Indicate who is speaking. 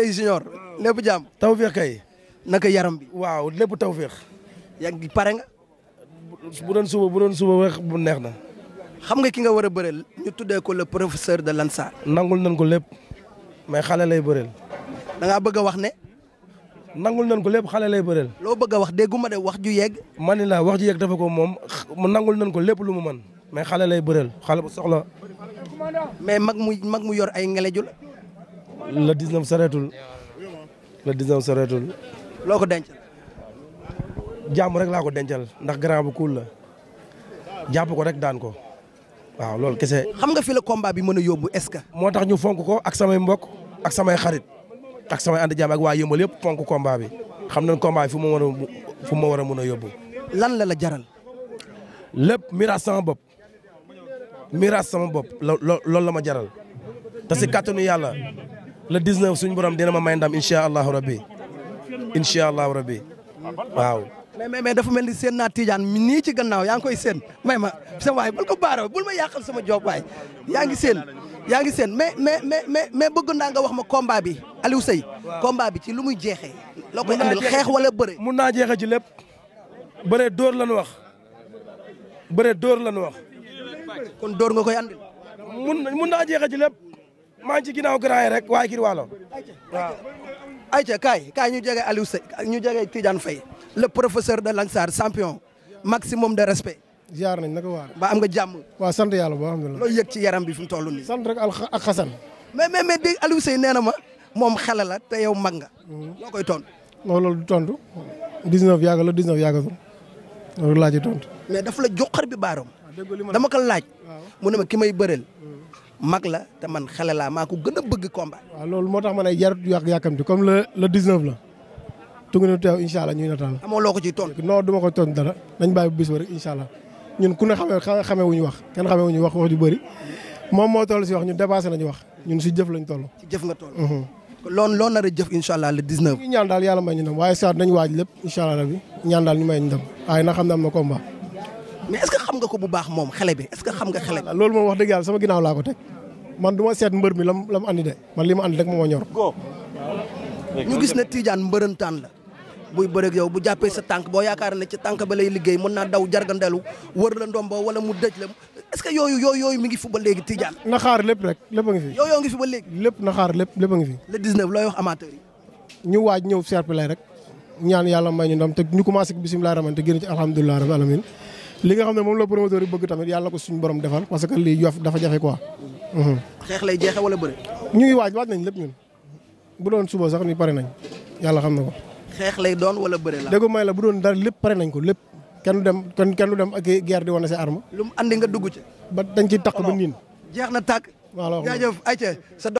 Speaker 1: tey junior lépp jàmm tawféex kay naka yaram bi waaw lépp tawféex yaa ngi pare nga bu doon suba bu doon suba weex bu neex na xam nga ki nga war a bëreel ñu tuddee ko le professeur de Lansar nangul nañ ko lépp mais xale lay bëreel da bëgg a wax ne nangul nañ ko lépp xale lay bëreel loo bëgga wax wax dégguma de wax ju yegg ma ni la wax ju yegg dafa ko moom mu nangul nañ ko lépp lu mu mën mais xale lay bëreel xale bu soxla mais mag mu mag mu yor ay ngelaju la le 19 soreetul le 19 soreetul. loo ko dencal. jàmm rek laa ko dencal ndax grand bu kuul la jàpp ko rek daan ko waaw loolu kese. xam nga fi la combat bi mën a yóbbu est-ce que. moo tax ñu fonk ko ak samay mbokk ak samay xarit ak samay ànd jàmm ak waa yëmbal yëpp fonk combat bi xam nañ combat fu ma war a fu mu war a mën a yóbbu. lan la la jaral. lépp miraas sama bopp miraas sama bopp loolu la ma jaral te si kàttanu yàlla le 19 suñu borom dina ma may ndam incha allahu rabbi incha allahu rabbi waaw. mais mais dafa mel ni seen naa Tidiane nii ci gannaaw yaa ngi koy seen may ma sa waay bul ko ma yàqal sama job waay yaa ngi seen yaa ngi seen mais mais mais mais bëgg naa nga wax ma combat bi Aliou Seye. combat bi ci lu muy jeexee. loo koy andil xeex wala bëre. mun naa jeexee ci lépp door la lañu wax bëre dóor lañu wax. kon dóor nga koy andil. mun mun naa jeexee ci lépp. maa ngi ci ginnaaw grand yi rek waaye kii waalo waaw. ayca kaay kaay ñu jege Aliou Seye ñu jege Tidiane Faye la professeur de Lansar champion maximum de respect. jaar nañ naka waa. baa am nga jàmm. waaw sant yàlla bu alhamdulilah. loo yëg ci yaram bi fi mu toll nii. sant rek ak Xasan. mais mais mais dégg Aliou Seye nee na ma moom xale la te yow mag nga. Mhm. loo koy tontu. non loolu du tontu 19 yàgg la 19 yàggatul
Speaker 2: loolu laaj tontu.
Speaker 1: mais daf la joxar bi baaroom. Ah, dama ko laaj. mu ne ma ki may bëreel. Mhm. mag la te man xale laa maa ko gën a bëgg combat. waaw loolu moo tax ma ne jarut yàq
Speaker 2: yàkkamti comme le le 19 la. tungu na teew incha
Speaker 1: ko ciy tontu. non du ma ko
Speaker 2: tontu dara nañ bàyyi bu bis ba ñun ku ne xamee xamee wax kenn xamee wu wax wax ju bëri moom moo toll si wax ñun dépassé nañu wax ñun si jëf lañ toll. si jëf nga toll. Mhm. loolu a jëf incha le 19. ñu ñaan daal yàlla may ñu ndam waaye saa nañu waaj lépp incha allah rabi ñaan daal ñu may ñu ay na xam ne am na combat
Speaker 1: mais est xam nga ko bu baax moom xale bi est-ce que xam nga xale. loolu moom wax dëgg
Speaker 2: yàlla sama ginnaaw laa ko teg man du seet mbër mi lam lam andi de man li ma andi
Speaker 1: rek la. buy bëreeg yow bu jàppee sa tànk boo yaakaar ne ci ba lay liggéey mën naa daw jargandelu wër la ndombo wala mu dëj la est que yooyu yooyu yooyu mi ngi fi ba léegi Tidiane. na xaar lépp rek lépp fi. yooyu ngi fi ba léegi. lépp na xaar lépp lépp ngi fi. le 19 looy wax
Speaker 2: amateur yi. ñu waaj ñëw serpilay rek ñaan yàlla may ñu ndam te ñu commencé bisimilah rahmaani te génn ci alhamdulilah li nga xam ne moom la promoteur yi bëgg tamit yàlla ko suñu borom defal parce que lii dafa jafe
Speaker 1: mhm. jeexe wala bëre.
Speaker 2: ñu waaj waaj nañ lépp ñun bu doon suba sax ni pare nañ yàlla xam na ko.
Speaker 1: xeex lay doon wala bëre la. dégg
Speaker 2: may la bu doon dara lépp pare nañ ko lépp kenn du dem kenn kenn dem ak guerre di wane sa arme. lu mu andi nga dugg ci. ba dañ ciy takk ba niin. jeex na tàkk.